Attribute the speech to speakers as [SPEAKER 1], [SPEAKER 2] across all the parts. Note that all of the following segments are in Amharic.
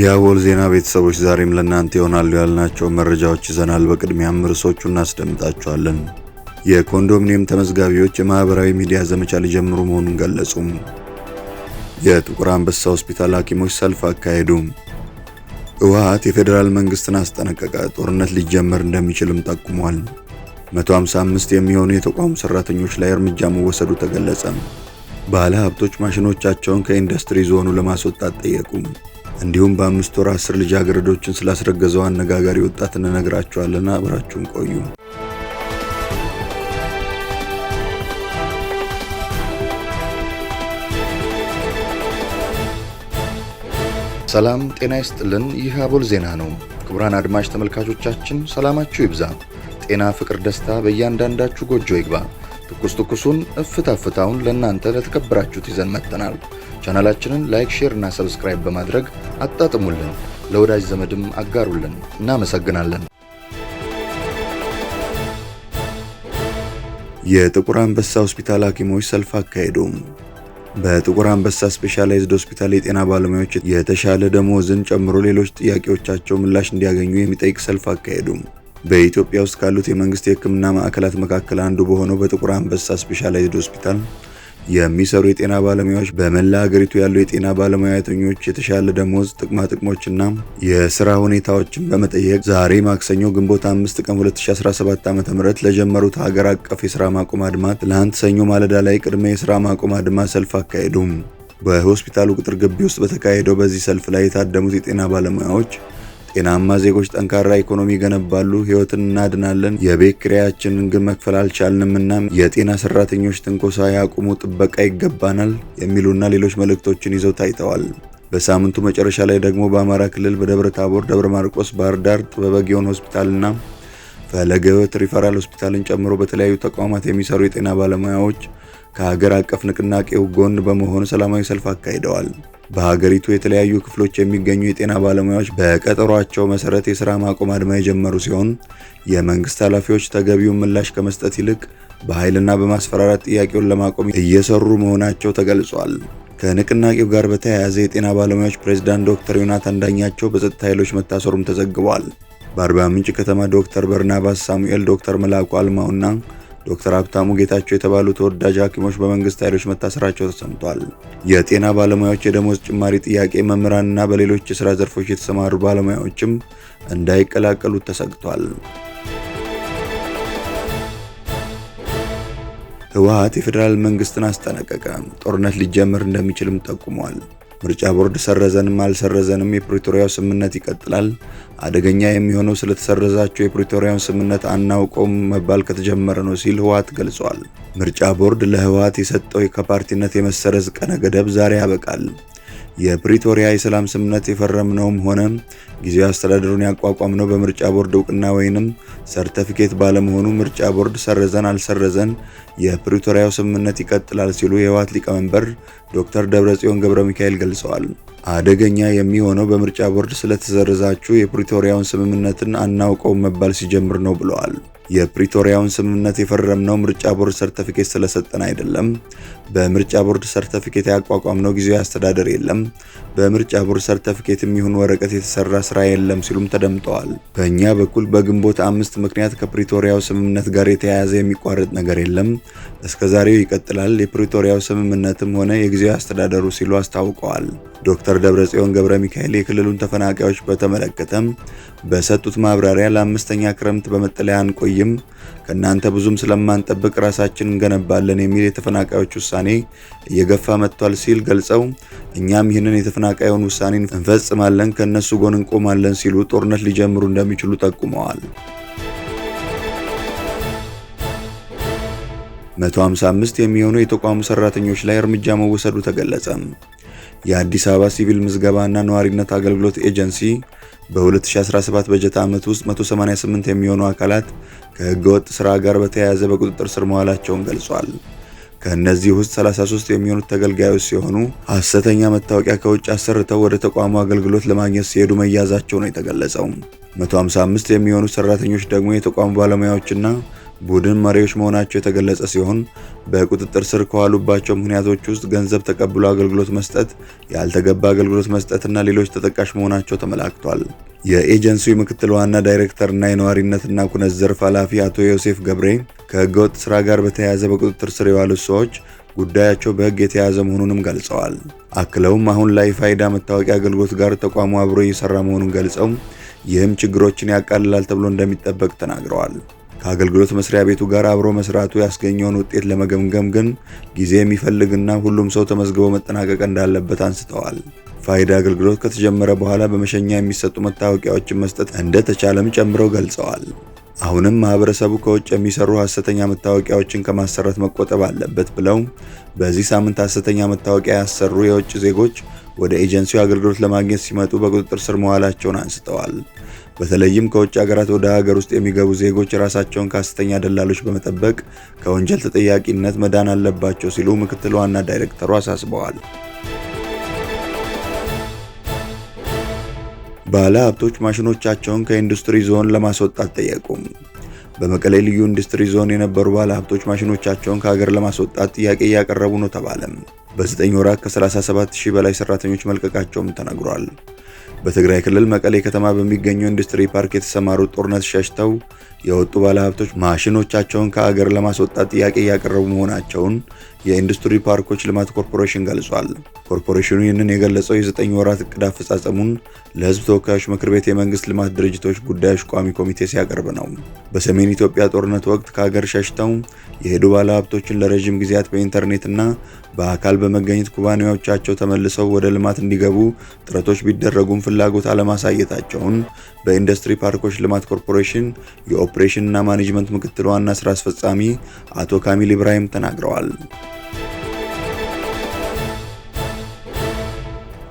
[SPEAKER 1] የአቦል ዜና ቤተሰቦች ዛሬም ለእናንተ ይሆናሉ ያልናቸው መረጃዎች ይዘናል። በቅድሚያም ርዕሶቹ እናስደምጣቸዋለን። የኮንዶሚኒየም ተመዝጋቢዎች የማኅበራዊ ሚዲያ ዘመቻ ሊጀምሩ መሆኑን ገለጹም። የጥቁር አንበሳ ሆስፒታል ሐኪሞች ሰልፍ አካሄዱም። ህወሓት የፌዴራል መንግሥትን አስጠነቀቀ። ጦርነት ሊጀመር እንደሚችልም ጠቁሟል። 155 የሚሆኑ የተቋሙ ሠራተኞች ላይ እርምጃ መወሰዱ ተገለጸም። ባለ ሀብቶች ማሽኖቻቸውን ከኢንዱስትሪ ዞኑ ለማስወጣት ጠየቁም። እንዲሁም በአምስት ወር አስር ልጃገረዶችን ስላስረገዘው አነጋጋሪ ወጣት እንነግራችኋለን። አብራችሁን ቆዩ።
[SPEAKER 2] ሰላም ጤና ይስጥልን። ይህ አቦል ዜና ነው። ክቡራን አድማጭ ተመልካቾቻችን ሰላማችሁ ይብዛ፣ ጤና፣ ፍቅር፣ ደስታ በእያንዳንዳችሁ ጎጆ ይግባ። ትኩስ ትኩሱን እፍታ ፍታውን ለእናንተ ለተከበራችሁት ይዘን መጥተናል። ቻናላችንን ላይክ፣ ሼር እና ሰብስክራይብ በማድረግ አጣጥሙልን፣ ለወዳጅ ዘመድም አጋሩልን። እናመሰግናለን።
[SPEAKER 1] የጥቁር አንበሳ ሆስፒታል ሐኪሞች ሰልፍ አካሄዱም። በጥቁር አንበሳ ስፔሻላይዝድ ሆስፒታል የጤና ባለሙያዎች የተሻለ ደሞዝን ጨምሮ ሌሎች ጥያቄዎቻቸው ምላሽ እንዲያገኙ የሚጠይቅ ሰልፍ አካሄዱም። በኢትዮጵያ ውስጥ ካሉት የመንግስት የህክምና ማዕከላት መካከል አንዱ በሆነው በጥቁር አንበሳ ስፔሻላይዝድ ሆስፒታል የሚሰሩ የጤና ባለሙያዎች በመላ ሀገሪቱ ያሉ የጤና ባለሙያተኞች የተሻለ ደሞዝ፣ ጥቅማ ጥቅሞችና የስራ ሁኔታዎችን በመጠየቅ ዛሬ ማክሰኞ ግንቦት 5 ቀን 2017 ዓ ም ለጀመሩት ሀገር አቀፍ የስራ ማቆም አድማ ትላንት ሰኞ ማለዳ ላይ ቅድመ የስራ ማቆም አድማ ሰልፍ አካሄዱም። በሆስፒታሉ ቅጥር ግቢ ውስጥ በተካሄደው በዚህ ሰልፍ ላይ የታደሙት የጤና ባለሙያዎች ጤናማ ዜጎች ጠንካራ ኢኮኖሚ ይገነባሉ፣ ህይወትን እናድናለን፣ የቤት ኪራያችንን ግን መክፈል እና የጤና ሰራተኞች ትንኮሳ ያቁሙ፣ ጥበቃ ይገባናል የሚሉና ሌሎች መልእክቶችን ይዘው ታይተዋል። በሳምንቱ መጨረሻ ላይ ደግሞ በአማራ ክልል በደብረ ታቦር፣ ደብረ ማርቆስ፣ ባህር ዳር ጥበበ ግዮን ሆስፒታልና ፈለገበት ሪፈራል ሆስፒታልን ጨምሮ በተለያዩ ተቋማት የሚሰሩ የጤና ባለሙያዎች ከሀገር አቀፍ ንቅናቄው ጎን በመሆን ሰላማዊ ሰልፍ አካሂደዋል። በሀገሪቱ የተለያዩ ክፍሎች የሚገኙ የጤና ባለሙያዎች በቀጠሯቸው መሰረት የስራ ማቆም አድማ የጀመሩ ሲሆን የመንግስት ኃላፊዎች ተገቢውን ምላሽ ከመስጠት ይልቅ በኃይልና በማስፈራራት ጥያቄውን ለማቆም እየሰሩ መሆናቸው ተገልጿል። ከንቅናቄው ጋር በተያያዘ የጤና ባለሙያዎች ፕሬዝዳንት ዶክተር ዮናታን ዳኛቸው በጸጥታ ኃይሎች መታሰሩም ተዘግቧል። በአርባ ምንጭ ከተማ ዶክተር በርናባስ ሳሙኤል፣ ዶክተር መላኩ አልማውና ዶክተር ሀብታሙ ጌታቸው የተባሉ ተወዳጅ ሐኪሞች በመንግስት ኃይሎች መታሰራቸው ተሰምቷል። የጤና ባለሙያዎች የደሞዝ ጭማሪ ጥያቄ መምህራንና በሌሎች የስራ ዘርፎች የተሰማሩ ባለሙያዎችም እንዳይቀላቀሉት ተሰግቷል። ህወሓት የፌዴራል መንግስትን አስጠነቀቀ። ጦርነት ሊጀምር እንደሚችልም ጠቁሟል። ምርጫ ቦርድ ሰረዘንም አልሰረዘንም የፕሪቶሪያው ስምምነት ይቀጥላል። አደገኛ የሚሆነው ስለተሰረዛቸው የፕሪቶሪያውን ስምምነት አናውቀውም መባል ከተጀመረ ነው ሲል ህወሓት ገልጿል። ምርጫ ቦርድ ለህወሓት የሰጠው ከፓርቲነት የመሰረዝ ቀነ ገደብ ዛሬ ያበቃል። የፕሪቶሪያ የሰላም ስምምነት የፈረምነውም ሆነ ጊዜያዊ አስተዳደሩን ያቋቋምነው በምርጫ ቦርድ እውቅና ወይንም ሰርተፊኬት ባለመሆኑ ምርጫ ቦርድ ሰረዘን አልሰረዘን የፕሪቶሪያው ስምምነት ይቀጥላል ሲሉ የህወሓት ሊቀመንበር ዶክተር ደብረጽዮን ገብረ ሚካኤል ገልጸዋል። አደገኛ የሚሆነው በምርጫ ቦርድ ስለተሰረዛችሁ የፕሪቶሪያውን ስምምነትን አናውቀው መባል ሲጀምር ነው ብለዋል። የፕሪቶሪያውን ስምምነት የፈረምነው ምርጫ ቦርድ ሰርተፊኬት ስለሰጠን አይደለም። በምርጫ ቦርድ ሰርተፊኬት ያቋቋምነው ጊዜያዊ አስተዳደር የለም። በምርጫ ቦርድ ሰርተፊኬት የሚሆን ወረቀት የተሰራ ስራ የለም ሲሉም ተደምጠዋል። በእኛ በኩል በግንቦት አምስት ምክንያት ከፕሪቶሪያው ስምምነት ጋር የተያያዘ የሚቋረጥ ነገር የለም። እስከዛሬው ይቀጥላል። የፕሪቶሪያው ስምምነትም ሆነ የጊዜያዊ አስተዳደሩ ሲሉ አስታውቀዋል። ዶክተር ደብረጽዮን ገብረ ሚካኤል የክልሉን ተፈናቃዮች በተመለከተም በሰጡት ማብራሪያ ለአምስተኛ ክረምት በመጠለያ አንቆይም፣ ከእናንተ ብዙም ስለማንጠብቅ ራሳችን እንገነባለን የሚል የተፈናቃዮች ውሳኔ እየገፋ መጥቷል ሲል ገልጸው እኛም ይህንን የተፈናቃዩን ውሳኔ እንፈጽማለን፣ ከእነሱ ጎን እንቆማለን ሲሉ ጦርነት ሊጀምሩ እንደሚችሉ ጠቁመዋል። 155 የሚሆኑ የተቋሙ ሰራተኞች ላይ እርምጃ መወሰዱ ተገለጸ። የአዲስ አበባ ሲቪል ምዝገባና ነዋሪነት አገልግሎት ኤጀንሲ በ2017 በጀት ዓመት ውስጥ 188 የሚሆኑ አካላት ከህገወጥ ስራ ጋር በተያያዘ በቁጥጥር ስር መዋላቸውን ገልጿል። ከእነዚህ ውስጥ 33 የሚሆኑት ተገልጋዮች ሲሆኑ ሐሰተኛ መታወቂያ ከውጭ አሰርተው ወደ ተቋሙ አገልግሎት ለማግኘት ሲሄዱ መያዛቸው ነው የተገለጸው። 155 የሚሆኑ ሰራተኞች ደግሞ የተቋሙ ባለሙያዎችና ቡድን መሪዎች መሆናቸው የተገለጸ ሲሆን በቁጥጥር ስር ከዋሉባቸው ምክንያቶች ውስጥ ገንዘብ ተቀብሎ አገልግሎት መስጠት፣ ያልተገባ አገልግሎት መስጠትና ሌሎች ተጠቃሽ መሆናቸው ተመላክቷል። የኤጀንሲው ምክትል ዋና ዳይሬክተርና የነዋሪነትና ኩነት ዘርፍ ኃላፊ አቶ ዮሴፍ ገብሬ ከህገወጥ ስራ ጋር በተያያዘ በቁጥጥር ስር የዋሉት ሰዎች ጉዳያቸው በህግ የተያዘ መሆኑንም ገልጸዋል። አክለውም አሁን ላይ ፋይዳ መታወቂያ አገልግሎት ጋር ተቋሙ አብሮ እየሰራ መሆኑን ገልጸው ይህም ችግሮችን ያቃልላል ተብሎ እንደሚጠበቅ ተናግረዋል። ከአገልግሎት መስሪያ ቤቱ ጋር አብሮ መስራቱ ያስገኘውን ውጤት ለመገምገም ግን ጊዜ የሚፈልግና ሁሉም ሰው ተመዝግቦ መጠናቀቅ እንዳለበት አንስተዋል። ፋይዳ አገልግሎት ከተጀመረ በኋላ በመሸኛ የሚሰጡ መታወቂያዎችን መስጠት እንደተቻለም ጨምረው ገልጸዋል። አሁንም ማህበረሰቡ ከውጭ የሚሰሩ ሀሰተኛ መታወቂያዎችን ከማሰረት መቆጠብ አለበት ብለው በዚህ ሳምንት ሀሰተኛ መታወቂያ ያሰሩ የውጭ ዜጎች ወደ ኤጀንሲው አገልግሎት ለማግኘት ሲመጡ በቁጥጥር ስር መዋላቸውን አንስተዋል። በተለይም ከውጭ ሀገራት ወደ ሀገር ውስጥ የሚገቡ ዜጎች ራሳቸውን ከሐሰተኛ ደላሎች በመጠበቅ ከወንጀል ተጠያቂነት መዳን አለባቸው ሲሉ ምክትል ዋና ዳይሬክተሩ አሳስበዋል። ባለ ሀብቶች ማሽኖቻቸውን ከኢንዱስትሪ ዞን ለማስወጣት ጠየቁም። በመቀሌ ልዩ ኢንዱስትሪ ዞን የነበሩ ባለ ሀብቶች ማሽኖቻቸውን ከሀገር ለማስወጣት ጥያቄ እያቀረቡ ነው ተባለም። በ9 ወራት ከ37 ሺህ በላይ ሰራተኞች መልቀቃቸውም ተነግሯል። በትግራይ ክልል መቀሌ ከተማ በሚገኘው ኢንዱስትሪ ፓርክ የተሰማሩ ጦርነት ሸሽተው የወጡ ባለሀብቶች ማሽኖቻቸውን ከአገር ለማስወጣት ጥያቄ እያቀረቡ መሆናቸውን የኢንዱስትሪ ፓርኮች ልማት ኮርፖሬሽን ገልጿል። ኮርፖሬሽኑ ይህንን የገለጸው የዘጠኝ ወራት እቅድ አፈጻጸሙን ለህዝብ ተወካዮች ምክር ቤት የመንግስት ልማት ድርጅቶች ጉዳዮች ቋሚ ኮሚቴ ሲያቀርብ ነው። በሰሜን ኢትዮጵያ ጦርነት ወቅት ከሀገር ሸሽተው የሄዱ ባለሀብቶችን ለረዥም ጊዜያት በኢንተርኔትና በአካል በመገኘት ኩባንያዎቻቸው ተመልሰው ወደ ልማት እንዲገቡ ጥረቶች ቢደረጉም ፍላጎት አለማሳየታቸውን በኢንዱስትሪ ፓርኮች ልማት ኮርፖሬሽን የኦፕሬሽንና ማኔጅመንት ምክትል ዋና ስራ አስፈጻሚ አቶ ካሚል ኢብራሂም ተናግረዋል።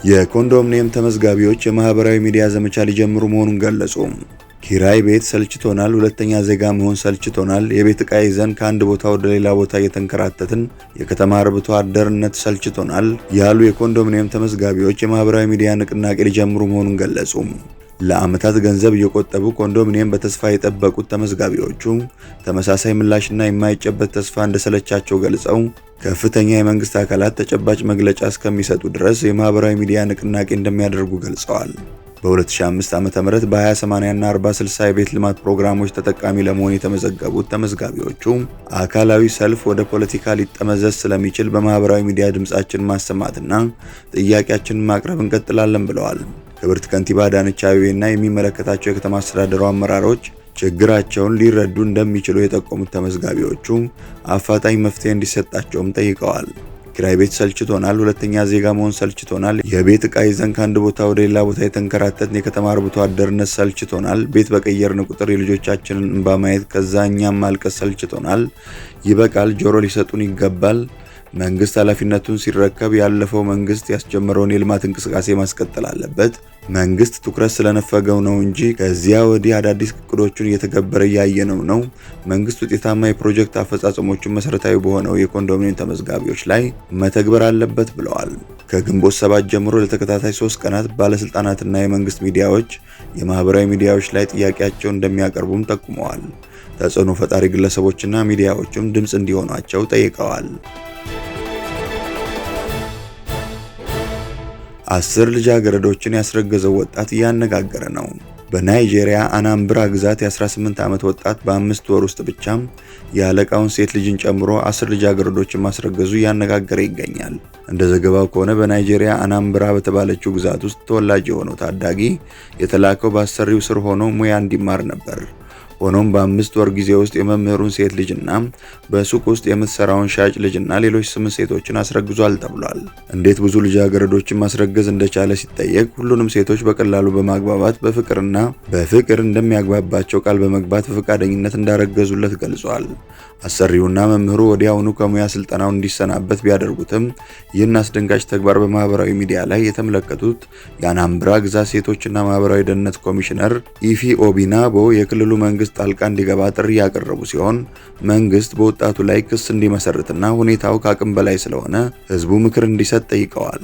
[SPEAKER 1] የኮንዶሚኒየም ተመዝጋቢዎች የማህበራዊ ሚዲያ ዘመቻ ሊጀምሩ መሆኑን ገለጹ። ኪራይ ቤት ሰልችቶናል፣ ሁለተኛ ዜጋ መሆን ሰልችቶናል፣ የቤት ዕቃ ይዘን ከአንድ ቦታ ወደ ሌላ ቦታ እየተንከራተትን፣ የከተማ አርብቶ አደርነት ሰልችቶናል ያሉ የኮንዶሚኒየም ተመዝጋቢዎች የማህበራዊ ሚዲያ ንቅናቄ ሊጀምሩ መሆኑን ገለጹ። ለዓመታት ገንዘብ እየቆጠቡ ኮንዶሚኒየም በተስፋ የጠበቁት ተመዝጋቢዎቹ ተመሳሳይ ምላሽና የማይጨበት ተስፋ እንደሰለቻቸው ገልጸው ከፍተኛ የመንግስት አካላት ተጨባጭ መግለጫ እስከሚሰጡ ድረስ የማህበራዊ ሚዲያ ንቅናቄ እንደሚያደርጉ ገልጸዋል። በ2005 ም በ20/80 እና 40/60 የቤት ልማት ፕሮግራሞች ተጠቃሚ ለመሆን የተመዘገቡት ተመዝጋቢዎቹ አካላዊ ሰልፍ ወደ ፖለቲካ ሊጠመዘዝ ስለሚችል በማህበራዊ ሚዲያ ድምፃችን ማሰማትና ጥያቄያችንን ማቅረብ እንቀጥላለን ብለዋል። ክብርት ከንቲባ አዳነች አቤቤና የሚመለከታቸው የከተማ አስተዳደሩ አመራሮች ችግራቸውን ሊረዱ እንደሚችሉ የጠቆሙት ተመዝጋቢዎቹ አፋጣኝ መፍትሄ እንዲሰጣቸውም ጠይቀዋል። ኪራይ ቤት ሰልችቶናል፣ ሁለተኛ ዜጋ መሆን ሰልችቶናል፣ የቤት ዕቃ ይዘን ከአንድ ቦታ ወደ ሌላ ቦታ የተንከራተትን የከተማ አርብቶ አደርነት ሰልችቶናል፣ ቤት በቀየርን ቁጥር የልጆቻችንን እንባ ማየት ከዛ እኛም ማልቀስ ሰልችቶናል፣ ይበቃል፣ ጆሮ ሊሰጡን ይገባል፣ መንግስት ኃላፊነቱን ሲረከብ ያለፈው መንግስት ያስጀመረውን የልማት እንቅስቃሴ ማስቀጠል አለበት። መንግስት ትኩረት ስለነፈገው ነው እንጂ ከዚያ ወዲህ አዳዲስ እቅዶቹን እየተገበረ እያየነው ነው። መንግስት ውጤታማ የፕሮጀክት አፈጻጸሞቹን መሰረታዊ በሆነው የኮንዶሚኒየም ተመዝጋቢዎች ላይ መተግበር አለበት ብለዋል። ከግንቦት ሰባት ጀምሮ ለተከታታይ ሶስት ቀናት ባለስልጣናትና የመንግስት ሚዲያዎች የማህበራዊ ሚዲያዎች ላይ ጥያቄያቸውን እንደሚያቀርቡም ጠቁመዋል። ተጽዕኖ ፈጣሪ ግለሰቦችና ሚዲያዎችም ድምፅ እንዲሆኗቸው ጠይቀዋል። አስር ልጃገረዶችን ያስረገዘው ወጣት እያነጋገረ ነው። በናይጄሪያ አናምብራ ግዛት የ18 ዓመት ወጣት በአምስት ወር ውስጥ ብቻም የአለቃውን ሴት ልጅን ጨምሮ አስር ልጃገረዶችን ማስረገዙ እያነጋገረ ይገኛል። እንደ ዘገባው ከሆነ በናይጄሪያ አናምብራ በተባለችው ግዛት ውስጥ ተወላጅ የሆነው ታዳጊ የተላከው በአሰሪው ስር ሆኖ ሙያ እንዲማር ነበር። ሆኖም በአምስት ወር ጊዜ ውስጥ የመምህሩን ሴት ልጅና በሱቅ ውስጥ የምትሰራውን ሻጭ ልጅና ሌሎች ስምንት ሴቶችን አስረግዟል ተብሏል። እንዴት ብዙ ልጃገረዶችን ማስረገዝ እንደቻለ ሲጠየቅ ሁሉንም ሴቶች በቀላሉ በማግባባት በፍቅርና በፍቅር እንደሚያግባባቸው ቃል በመግባት በፈቃደኝነት እንዳረገዙለት ገልጿል። አሰሪውና መምህሩ ወዲያውኑ ከሙያ ስልጠናው እንዲሰናበት ቢያደርጉትም ይህን አስደንጋጭ ተግባር በማህበራዊ ሚዲያ ላይ የተመለከቱት የአናምብራ ግዛት ሴቶችና ማህበራዊ ደህንነት ኮሚሽነር ኢፊ ኦቢናቦ የክልሉ መንግስት ጣልቃ እንዲገባ ጥሪ ያቀረቡ ሲሆን መንግስት በወጣቱ ላይ ክስ እንዲመሰርትና ሁኔታው ከአቅም በላይ ስለሆነ ህዝቡ ምክር እንዲሰጥ ጠይቀዋል።